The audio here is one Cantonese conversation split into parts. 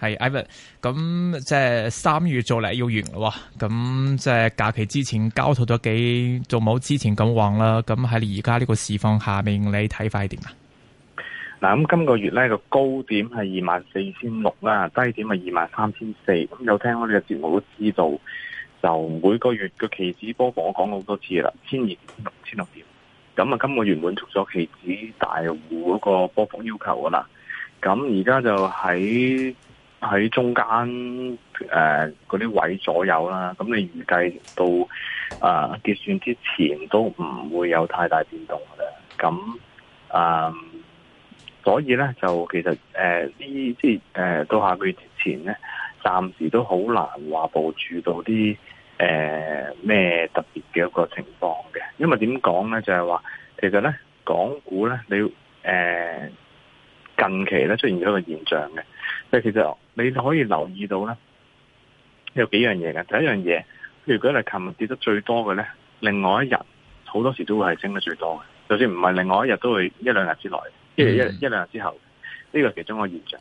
係 Ivan，咁即係三月做嚟要完啦喎，咁即係假期之前交套咗幾，做冇之前咁旺啦。咁喺你而家呢個市況下面，你睇法點啊？嗱，咁今個月咧個高點係二萬四千六啦，低點係二萬三千四。咁有聽我哋嘅節目都知道，就每個月嘅期指波幅我講過好多次啦，千二千六千六點。咁啊，今個月滿足咗期指大戶嗰個波幅要求噶啦。咁而家就喺。喺中間誒嗰啲位左右啦，咁你預計到誒、呃、結算之前都唔會有太大變動嘅，咁誒、呃，所以咧就其實誒呢、呃、即係誒、呃、到下個月之前咧，暫時都好難話部署到啲誒咩特別嘅一個情況嘅，因為點講咧就係、是、話其實咧港股咧你誒、呃、近期咧出現咗一個現象嘅，即係其實。你可以留意到呢，有幾樣嘢嘅。第一樣嘢，如果你琴日跌得最多嘅呢，另外一日好多時都會係升得最多嘅。就算唔係另外一日，都會一兩日之內，一兩日之後，呢個係其中一個現象。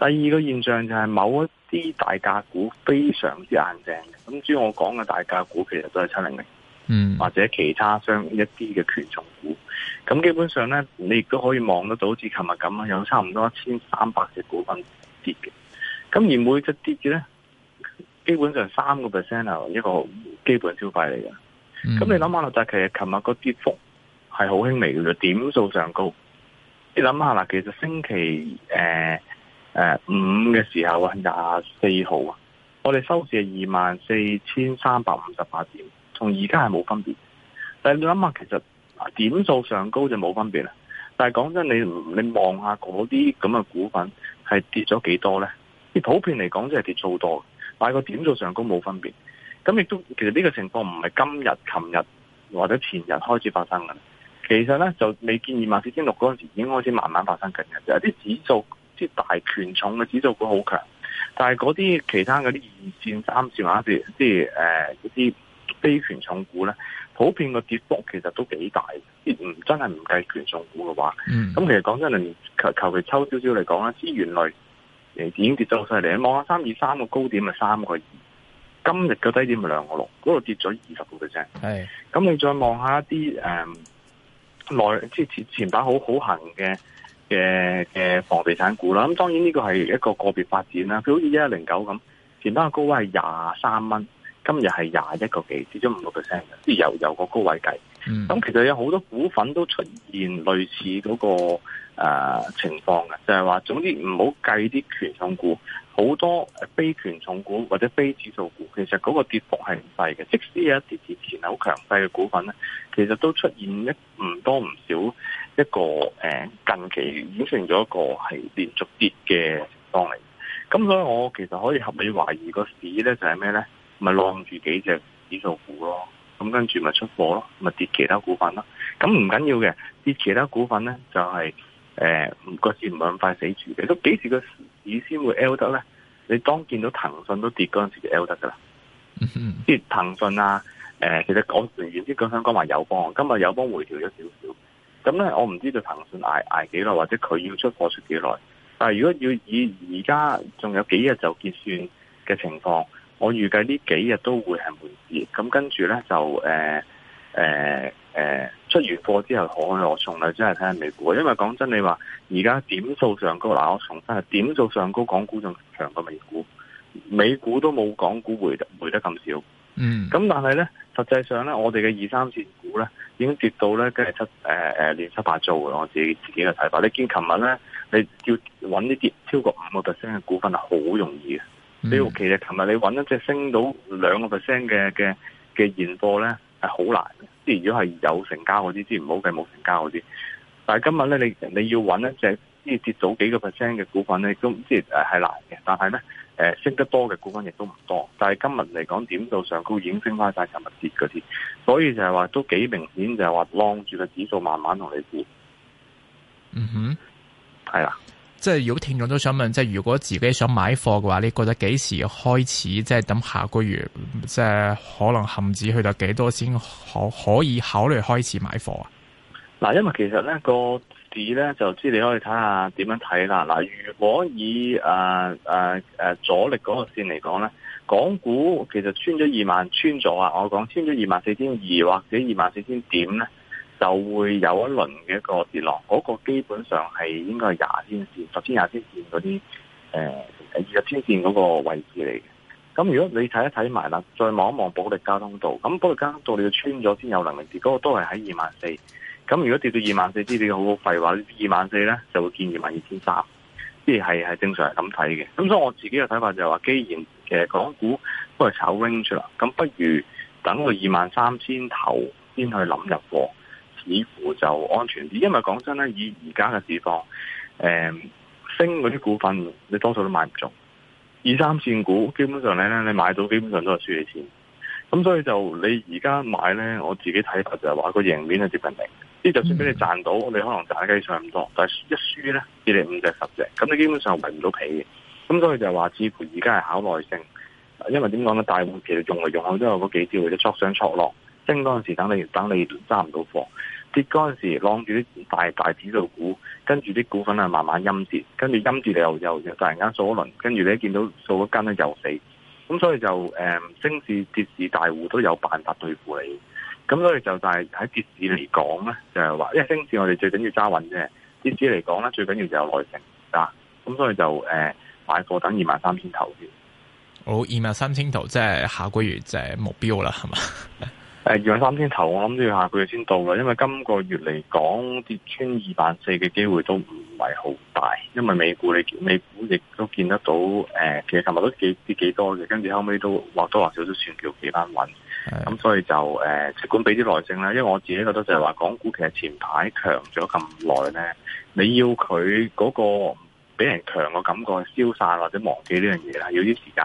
第二個現象就係某一啲大價股非常之硬淨嘅。咁主要我講嘅大價股其實都係七零零，嗯，或者其他商一啲嘅權重股。咁基本上呢，你亦都可以望得到，好似琴日咁樣，有差唔多一千三百隻股份跌嘅。咁而每隻跌住咧，基本上三個 percent 啊，一個基本消費嚟嘅。咁、嗯、你諗下啦，但係其實琴日個跌幅係好輕微嘅，點數上高。你諗下啦，其實星期誒五嘅時候啊，廿四號啊，我哋收市係二萬四千三百五十八點，同而家係冇分別。但係你諗下，其實點數上高就冇分別啦。但係講真，你你望下嗰啲咁嘅股份係跌咗幾多咧？普遍嚟講，即係跌數多，但係個點數上高冇分別。咁亦都其實呢個情況唔係今日、琴日或者前日開始發生嘅。其實咧就未見二萬四千六嗰陣時已經開始慢慢發生緊嘅。就係啲指數即係大權重嘅指數股好強，但係嗰啲其他嗰啲二線、三線或者即係誒嗰啲非權重股咧，普遍嘅跌幅其實都幾大。即唔真係唔計權重股嘅話，咁、嗯、其實講真，連求求其抽少少嚟講啦，資源類。已經跌咗好犀利。望下三二三個高點咪三個二，今日嘅低點咪兩個六，嗰度跌咗二十個 percent。係是，咁你再望下一啲誒內即前前排好好行嘅嘅嘅房地產股啦。咁當然呢個係一個個別發展啦。佢好似一零九咁，前排嘅高位係廿三蚊，今日係廿一個幾，跌咗五個 percent，即由由個高位計。咁、嗯、其實有好多股份都出現類似嗰、那個誒、呃、情況嘅，就係、是、話，總之唔好計啲權重股，好多非權重股或者非指數股，其實嗰個跌幅係唔細嘅。即使有一啲跌之前係好強勢嘅股份咧，其實都出現一唔多唔少一個誒、呃、近期演成咗一個係連續跌嘅情況嚟。咁所以我其實可以合理懷疑個市咧就係咩咧？咪浪住幾隻指數股咯。咁跟住咪出貨咯，咪跌其他股份咯。咁唔緊要嘅，跌其他股份咧就係誒，個市唔係咁快死住嘅。咁幾時個市先會 L 得咧？你當見到騰訊都跌嗰陣時就 L 得噶啦。嗯嗯，即騰訊啊，誒、呃，其實講完先講香港話友邦，今日友邦回調咗少少。咁、嗯、咧，我唔知道騰訊捱捱幾耐，或者佢要出貨出幾耐。但係如果要以而家仲有幾日就結算嘅情況。我預計呢幾日都會係悶市，咁跟住呢，就誒誒、呃呃、出完貨之後可我餸啦，真係睇下美股。因為講真，你話而家點數上高嗱，我重翻，點數上高，上高港股仲強過美股，美股都冇港股回回得咁少。嗯，咁但係呢，實際上呢，我哋嘅二三線股呢已經跌到呢，跟住七誒誒亂七八糟嘅。我自己自己嘅睇法，你見琴日呢，你要揾呢啲超過五個 percent 嘅股份係好容易嘅。你、mm hmm. 其實琴日你揾一隻升到兩個 percent 嘅嘅嘅現貨咧，係好難。即係如果係有成交嗰啲，即唔好計冇成交嗰啲。但係今日咧，你你要揾一隻呢跌到幾個 percent 嘅股份咧，都即係誒係難嘅。但係咧，誒、呃、升得多嘅股份亦都唔多。但係今日嚟講，點到上高已經升翻晒，琴日跌嗰啲，所以就係話都幾明顯，就係話晾住個指數慢慢同你估。嗯哼、mm，係、hmm. 啦。即係如果聽眾都想問，即係如果自己想買貨嘅話，你覺得幾時開始？即係等下個月，即係可能甚至去到幾多先可可以考慮開始買貨啊？嗱，因為其實咧個市咧就知你可以睇下點樣睇啦。嗱，如果以誒誒誒阻力嗰個線嚟講咧，港股其實穿咗二萬穿咗啊！我講穿咗二萬四千二或者二萬四千點咧。就會有一輪嘅一個跌落，嗰個基本上係應該係廿天線、十天廿天線嗰啲誒二十天線嗰個位置嚟嘅。咁如果你睇一睇埋啦，再望一望保力交通道，咁保力交通道你要穿咗先有能力跌，嗰個都係喺二萬四。咁如果跌到二萬四，啲，你好好廢話，二萬四咧就會見二萬二千三，即係係正常係咁睇嘅。咁所以我自己嘅睇法就係話，既然港股都係炒 range 啦，咁不如等佢二萬三千頭先去諗入貨。似乎就安全啲，因為講真咧，以而家嘅市況，誒、呃、升嗰啲股份，你多數都買唔中。二三線股基本上咧，你買到基本上都係輸你錢。咁所以就你而家買咧，我自己睇法就係話個贏面係接近零。即就算俾你賺到，你可能賺得上唔多，但係一輸咧，跌嚟五隻十隻，咁你基本上圍唔到皮嘅。咁所以就係話，似乎而家係考耐性，因為點講咧，大戶其實用嚟用去都係嗰幾招，即係挫上挫落。升嗰陣時等你等你揸唔到貨，跌嗰陣時晾住啲大大指數股，跟住啲股份啊慢慢陰跌，跟住陰住你又又突然間數一輪，跟住你一見到數一跟咧又死，咁所以就誒升、嗯、市跌市大戶都有辦法對付你，咁所以就但係喺跌市嚟講咧就係話，因為升市我哋最緊要揸穩啫，跌市嚟講咧最緊要就有耐性啦，咁所以就誒、嗯、買貨等二萬三千頭先，好二萬三千頭即係下個月就係目標啦，係嘛？誒，二萬三千頭我諗都要下個月先到啦，因為今個月嚟講，跌穿二萬四嘅機會都唔係好大，因為美股你美股亦都見得到，誒、呃，其實琴日都幾跌幾多嘅，跟住後尾都或多或少都算叫幾番穩，咁的、嗯、所以就誒，盡、呃、管俾啲耐性啦。因為我自己覺得就係話，港股其實前排強咗咁耐咧，你要佢嗰個俾人強嘅感覺消散或者忘記呢樣嘢係要啲時間，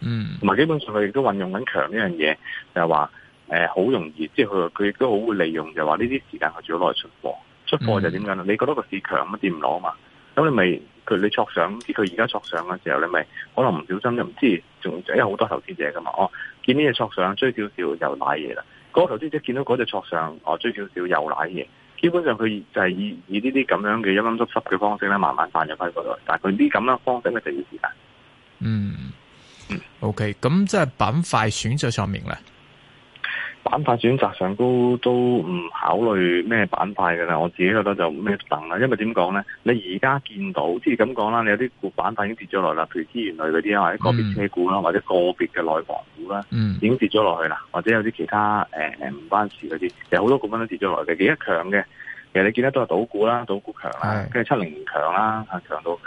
嗯，同埋基本上佢亦都運用緊強呢樣嘢，就係、是、話。誒，好、呃、容易，即係佢佢亦都好會利用，就話呢啲時間佢最好攞嚟出貨。出貨就點樣咧？你覺得個市強乜跌唔落啊嘛？咁你咪佢你挫上，即佢而家挫上嘅時候，你咪可能唔小心，就唔知仲因為好多投資者噶嘛？哦，見呢隻挫上，追少少，少又買嘢啦。嗰、那個投資者見到嗰隻挫上，哦，追少少又買嘢。基本上佢就係以以呢啲咁樣嘅陰陰濕濕嘅方式咧，慢慢散入翻過來。但係佢呢咁樣方式嘅一段時間，嗯，嗯，OK，咁即係板塊選擇上面咧。板塊選擇上高都唔考慮咩板塊㗎啦，我自己覺得就咩都等啦，因為點講咧？你而家見到即係咁講啦，你有啲股板塊已經跌咗落啦，譬如資源類嗰啲啊，或者個別車股啦，或者個別嘅內房股啦，嗯、已經跌咗落去啦，或者有啲其他誒唔、呃、關事嗰啲，有好多股份都跌咗落嚟嘅。幾得強嘅，其實你見得都係賭股啦，賭股強啦，跟住七零強啦，吓強到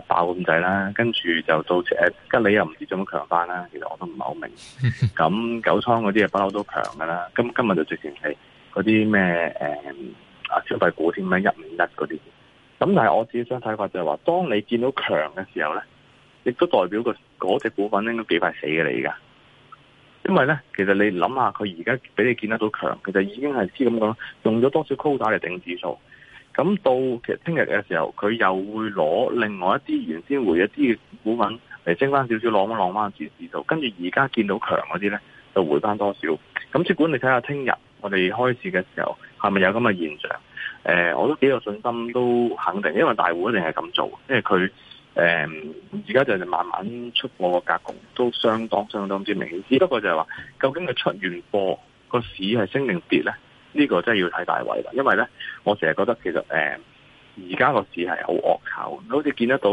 爆咁滯啦，跟住就到誒吉你又唔知做乜強翻啦。其實我都唔係好明。咁九倉嗰啲啊不嬲都強㗎啦。今今日就直情係嗰啲咩誒啊消費股添咩？一五一嗰啲。咁但係我自己想睇法就係話，當你見到強嘅時候咧，亦都代表、嗰個嗰隻股份應該幾快死嘅你㗎，因為咧，其實你諗下，佢而家俾你見得到強，其實已經係知咁講，用咗多少高打嚟頂指數。咁到其實聽日嘅時候，佢又會攞另外一啲原先回一啲股份嚟升翻少少，浪翻浪翻啲市道。跟住而家見到強嗰啲咧，就回翻多少。咁只管你睇下，聽日我哋開始嘅時候係咪有咁嘅現象？誒、呃，我都幾有信心，都肯定，因為大戶一定係咁做，因為佢誒而家就慢慢出貨個格局都相當相當之明顯，只不過就係話，究竟佢出完貨個市係升定跌咧？呢個真係要睇大位啦，因為咧，我成日覺得其實誒，而家個市係好惡炒，好似見得到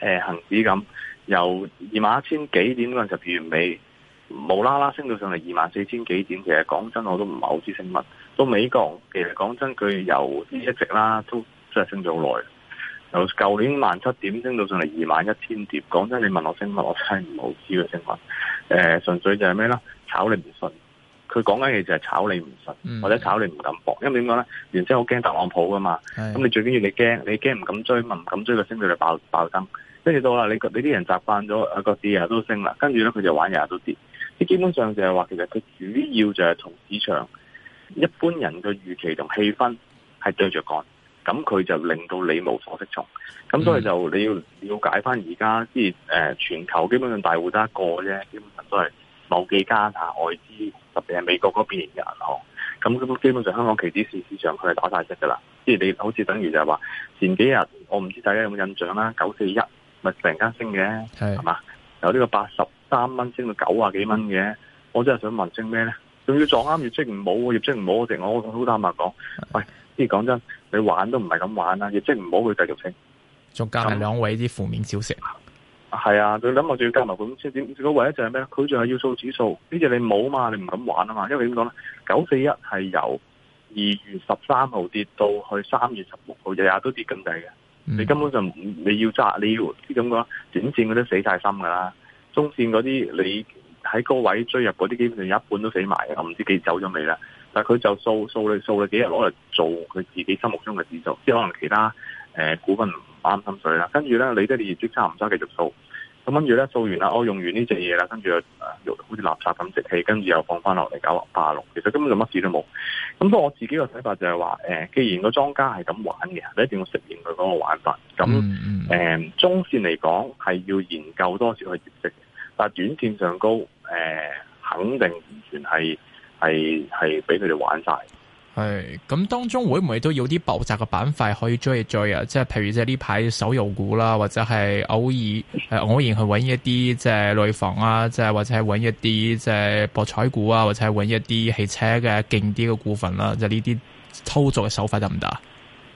誒恒指咁，由二萬一千幾點嗰陣十二月尾，無啦啦升到上嚟二萬四千幾點，其實講真我都唔係好知升乜。到美國，其實講真佢由一直啦，都真係升咗好耐，由舊年萬七點升到上嚟二萬一千點，講真你問我升乜，我真係唔好知佢升乜。誒、呃，純粹就係咩啦，炒你唔信。佢講緊嘅就係炒你唔實，嗯、或者炒你唔敢搏，因為點講咧？原先好驚特朗普噶嘛，咁的你最緊要你驚，你驚唔敢追，唔敢追個升到你，就爆爆燈。跟住到啦，你你啲人習慣咗個市日日都升啦，跟住咧佢就玩日日都跌。即基本上就係話，其實佢主要就係同市場一般人嘅預期同氣氛係對著幹，咁佢就令到你無所適從。咁所以就你要了解翻，而家即係誒全球基本上大戶得一個啫，基本上都係。某幾間吓外資，特別係美國嗰邊嘅銀行，咁都基本上香港期指市市場佢係打晒隻噶啦，即係你好似等於就係話前幾日我唔知大家有冇印象啦，九四一咪突然間升嘅係嘛，由呢個八十三蚊升到九啊幾蚊嘅，嗯、我真係想問升咩咧？仲要撞啱業績唔好，業績唔好，績好我直我好坦白講，喂、哎，即係講真，你玩都唔係咁玩啦，業績唔好佢繼續升，仲加埋兩位啲負面消息、嗯。係啊，佢諗落仲要加埋股金先點？唯一就係咩佢仲係要掃指數，呢隻你冇嘛？你唔敢玩啊嘛？因為點講咧？九四一係由二月十三號跌到去三月十六號，日日都跌緊底嘅。你根本就唔你要揸你要啲咁講短線嗰啲死晒心噶啦，中線嗰啲你喺高位追入嗰啲，基本上一半都死埋嘅。我唔知幾走咗未啦。但係佢就掃掃你掃你幾日攞嚟做佢自己心目中嘅指數，即係可能其他誒、呃、股份。啱心水啦，跟住咧，你都係月租差唔差繼續掃，咁跟住咧，掃完啦，我用完呢隻嘢啦，跟住又好似垃圾咁直氣，跟住又放翻落嚟搞八六，其實根本就乜事都冇。咁所以我自己嘅睇法就係話，誒，既然個莊家係咁玩嘅，你一定要食完佢嗰個玩法。咁誒，嗯嗯中線嚟講係要研究多少去業績，但係短線上高誒、呃，肯定完全係係係俾佢哋玩晒。係咁，當中會唔會都有啲爆炸嘅板塊可以追一追啊？即係譬如即係呢排手遊股啦，或者係偶爾誒偶然去搵一啲即係內房啊，即係或者係搵一啲即係博彩股啊，或者係搵一啲汽車嘅勁啲嘅股份啦，即係呢啲操作嘅手法得唔得啊？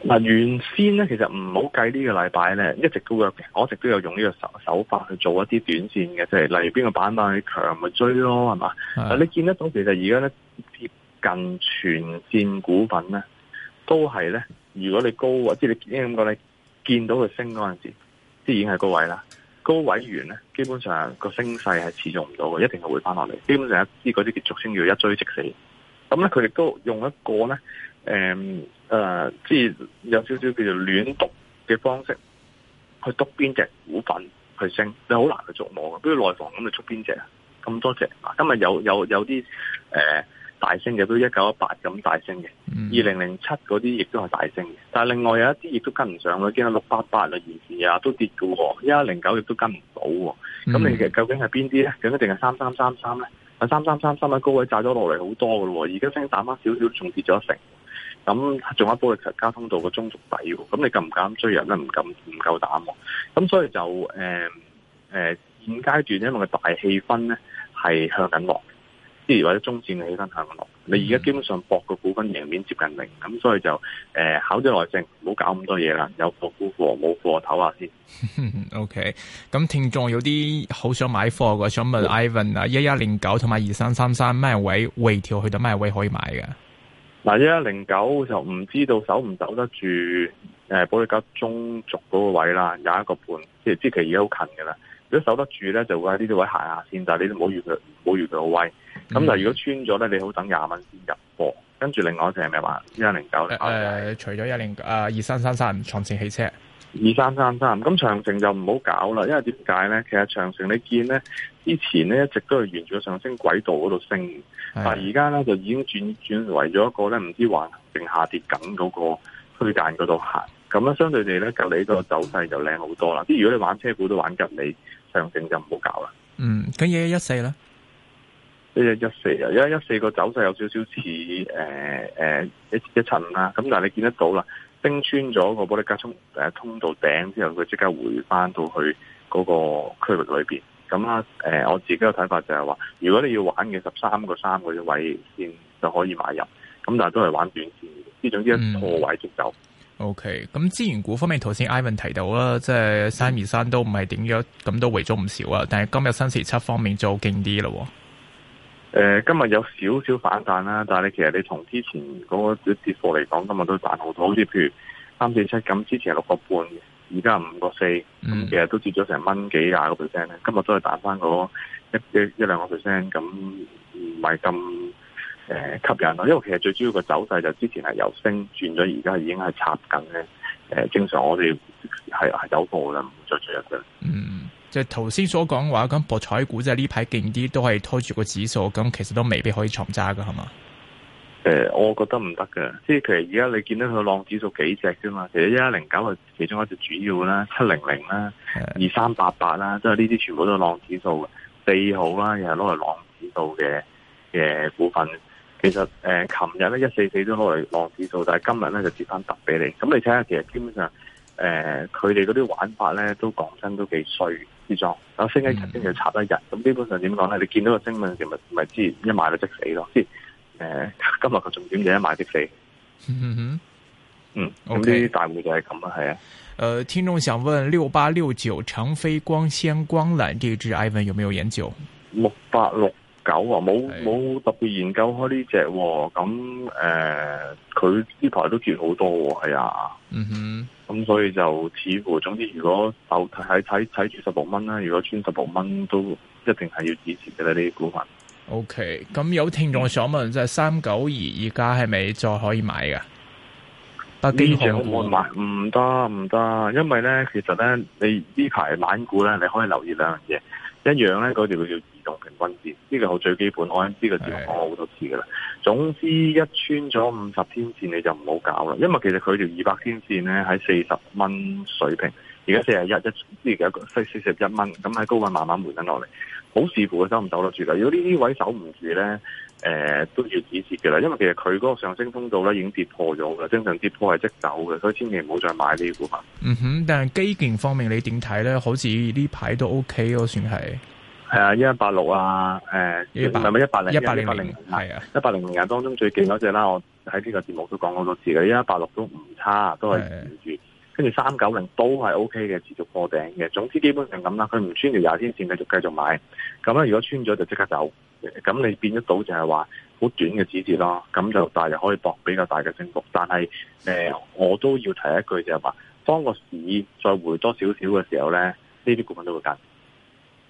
嗱，原先咧其實唔好計呢個禮拜咧，一直都有，我一直都有用呢個手手法去做一啲短綫嘅，即係例如邊個板板去強咪追咯，係嘛？是的 你見得到其實而家咧，近全線股份咧，都係咧。如果你高位，即係你咁講咧，見到佢升嗰陣時，即係已經係高位啦。高位完咧，基本上個升勢係持續唔到嘅，一定係會翻落嚟。基本上一啲嗰啲結束升要一追即死。咁、嗯、咧，佢哋都用一個咧，誒、嗯，誒、呃，即係有少少叫做亂篤嘅方式去篤邊隻股份去升，你、就、好、是、難去捉摸嘅。比如內房咁，你捉邊隻啊？咁多隻，今日有有有啲誒。呃大升嘅都一九一八咁大升嘅，二零零七嗰啲亦都係大升嘅，但係另外有一啲亦都跟唔上咯，見到六八八啊、二二啊都跌嘅，一零九亦都跟唔到，咁、嗯、你嘅究竟係邊啲咧？咁一定係三三三三咧？啊，三三三三喺高位炸咗落嚟好多嘅咯，而家升彈翻少少仲跌咗一成，咁仲有一波嘅交通道嘅中足底嘅，咁你敢唔敢追人咧？唔敢，唔夠膽喎，咁所以就誒誒、呃呃、現階段咧，因為個大氣氛咧係向緊落。或者中線起身行落，你而家基本上博個股份贏面接近零，咁、嗯、所以就誒、呃、考咗耐性，唔好搞咁多嘢啦。有貨沽貨，冇貨唞下先。O K，咁聽眾有啲好想買貨嘅，想問 Ivan 啊，一一零九同埋二三三三咩位回調去到咩位可以買嘅？嗱、嗯，一一零九就唔知道守唔守得住誒、呃，保力加中軸嗰個位啦，有一個半，即係即其而家好近噶啦。如果守得住咧，就會喺呢啲位行下先走走，但係你都唔好預佢，唔好預佢個位。咁就、嗯、如果穿咗咧，你好等廿蚊先入貨，跟住另外一隻係咩話一零九咧？除咗一零誒二三三三長城汽車，二三三三，咁長城就唔好搞啦，因為點解咧？其實長城你見咧之前咧一直都係沿住上升軌道嗰度升，的但而家咧就已經轉轉,轉為咗一個咧唔知橫行定下跌緊嗰個區間嗰度行。咁咧相對地咧，隔籬個走勢就靚好多啦。即如果你玩車股都玩緊你，長城就唔好搞啦。嗯，咁二一四呢？一一四，一一四個走勢有少少似誒誒一一層啦。咁但係你見得到啦，升穿穿咗個保歷加通誒通道頂之後，佢即刻回翻到去嗰個區域裏邊咁啦。誒、呃，我自己嘅睇法就係話，如果你要玩嘅十三個三個位先就可以買入。咁但係都係玩短線，呢種總之一破位即走。O K、嗯。咁、okay, 資源股方面，頭先 Ivan 提到啦，即係三二三都唔係點樣咁都回咗唔少啦。但係今日新時七方面做勁啲咯。誒、呃，今日有少少反彈啦，但係你其實你從之前嗰個跌跌貨嚟講，今日都彈好多，好似譬如三四七咁，之前係六個半，而家五個四，咁其實都跌咗成蚊幾廿個 percent 咧，今日都係彈翻嗰一一一兩個 percent，咁唔係咁誒吸引咯，因為其實最主要個走勢就之前係由升轉咗，而家已經係插緊咧。誒、呃，正常我哋係係走貨啦，唔再追入嘅。嗯。Mm. 就頭先所講話咁博彩股，即係呢排勁啲，都係拖住個指數，咁其實都未必可以重揸㗎，係嘛？誒、呃，我覺得唔得㗎。即係其實而家你見到佢個浪指數幾隻啫嘛，其實一一零九係其中一隻主要啦，七零零啦，二三八八啦，即係呢啲全部都係浪指數嘅，四號啦又係攞嚟浪指數嘅嘅股份，其實誒琴日咧一四四都攞嚟浪指數，但係今日咧就跌翻特俾你，咁你睇下其實基本上誒佢哋嗰啲玩法咧都講真都幾衰。跌咗，咁升起頭先就插得入，咁、嗯嗯、基本上點講咧？你見到個徵文，咪咪知一買就即死咯，即係誒，今日個重點嘢咧，一買即死。嗯哼，嗯，咁啲、嗯、Okay 大戶就係咁啊，係啊。誒、呃，聽眾想問六八六九長飛光纖光纜呢支，Ivan 有冇研究？六八六九啊，冇冇的特別研究開呢隻，咁誒，佢、呃、呢台都跌好多，哦，係啊。嗯哼。咁所以就似乎，總之如果留睇睇睇住十六蚊啦，如果穿十六蚊都一定係要支持嘅啦，呢啲股份。OK，咁有聽眾想問，即係三九二而家係咪再可以買嘅㗎？百基熊唔買，唔得唔得，因為咧，其實咧，你排呢排玩股咧，你可以留意兩樣嘢，一樣咧，嗰條。平均線呢條、這個、最基本，的我知先呢個字講過好多次噶啦。總之，一穿咗五十天線你就唔好搞啦，因為其實佢條二百天線咧喺四十蚊水平，而家四廿一一，即而家四四十一蚊，咁喺高位慢慢回緊落嚟，好視乎佢走唔走得住啦。如果不不呢啲位走唔住咧，誒、呃、都要止蝕嘅啦。因為其實佢嗰個上升通道咧已經跌破咗啦，正常跌破係即走嘅，所以千祈唔好再買呢股啦。嗯哼，但係基建方面你點睇咧？好似呢排都 OK 咯，算係。係啊，一一八六啊，誒、呃，係咪一八零？一八零零係啊，一八零零當當中最勁嗰隻啦，是啊、我喺呢個節目都講好多次嘅。一一八六都唔差，都係懸住，跟住三九零都係 O K 嘅，持續破頂嘅。總之基本上咁啦，佢唔穿條廿天線，繼續繼續買。咁咧、啊，如果穿咗就即刻走。咁你變得到就係話好短嘅指示咯。咁就大又可以博比較大嘅升幅。但係誒、呃，我都要提一句就係話，當個市再回多少少嘅時候咧，呢啲股份都會減。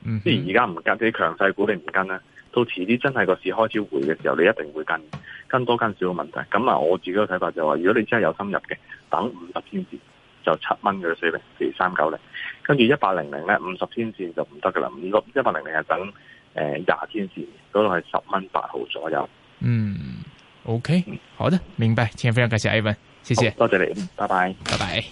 嗯即係而家唔跟啲強勢股，你唔跟咧，到遲啲真係個市開始回嘅時候，你一定會跟，跟多跟少嘅問題。咁啊，我自己嘅睇法就話、是，如果你真係有心入嘅，等五十天線就七蚊嘅水平，譬如三九零，跟住一百零零咧，五十天線就唔得㗎喇。如果一百零零係等誒廿天線，嗰度係十蚊八毫左右。嗯，OK，嗯好的，明白。千千非常感謝 Ivan 謝謝，多謝你，拜拜，拜拜。